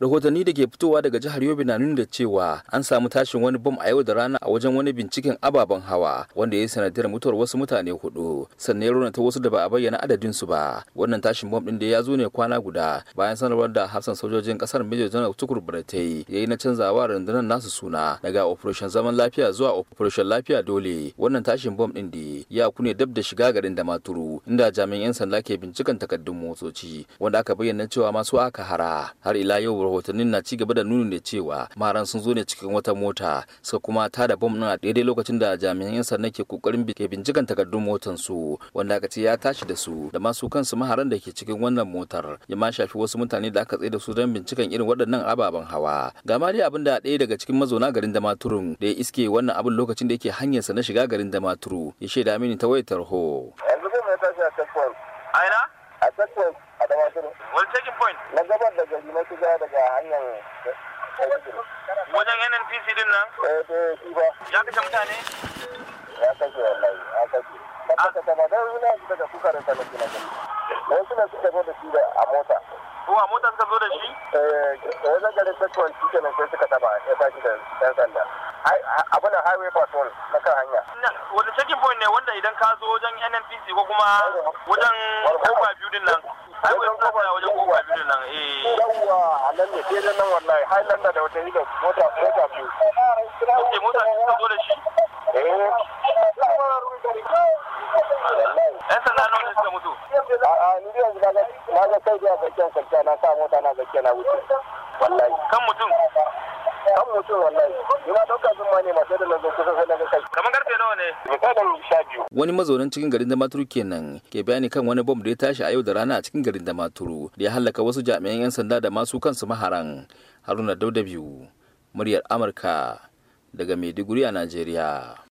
rahotanni da ke fitowa daga jihar yobe na nuna cewa an samu tashin wani bom a yau da rana a wajen wani binciken ababen hawa wanda ya yi sanadiyar mutuwar wasu mutane hudu sannan ya ta wasu da ba a bayyana adadin ba wannan tashin bom din da ya zo ne kwana guda bayan sanarwar da hafsan sojojin kasar major general tukur baratai ya yi na canzawa rundunar nasu suna daga operation zaman lafiya zuwa operation lafiya dole wannan tashin bom din da ya kune dab da shiga garin da maturu inda jami'an 'yan sanda ke binciken takardun motoci wanda aka bayyana cewa masu aka hara har ila yau rahotannin na ci gaba da nuni da cewa maran sun zo ne cikin wata mota suka kuma da bom na daidai lokacin da jami'an 'yan sanda ke kokarin ke bincikan takardun motar su wanda aka ce ya tashi da su da masu kansu maharan da ke cikin wannan motar ya ma shafi wasu mutane da aka tsaye da su don bincikan irin waɗannan ababen hawa ga ma dai abin da ɗaya daga cikin mazauna garin Damaturun da ya iske wannan abin lokacin da yake sa na shiga garin Damaturu ya shaida mini ta wayar tarho a sassan a dawatar wani taking point na gabar da gari na shiga daga hanyar wajen nnpc din nan eh eh shi ba ya kashe mutane ya kashe wallahi ya kashe kasa kasa ba dan yana daga kukarin sa na gina gari wasu na suka zo da shi da a mota ko a mota suka zo da shi eh wajen garin sassan shi kenan sai suka taba ya tashi da yan sanda abin da highway patrol na kan hanya wani checking point ne wanda idan ka zo wajen nnpc ko kuma wajen kofa biyu din nan highway suna tsaya wajen kofa biyu din nan eh yawwa a nan ne sai nan wallahi highlander da wata hidda mota mota biyu wace mota biyu ka zo da shi eh yan sanda nan ne suka mutu a'a ni yanzu na ga kai da zakiya kwanciya na sa mota na zakiya na wuce wallahi kan mutum mutum wani mazaunin cikin garin damaturu kenan ke bayani kan wani bom da ya tashi a yau da rana a cikin garin damaturu da ya halaka wasu jami'an yan sanda da masu kansu maharan haruna dauda biyu muryar amurka daga maiduguri a najeriya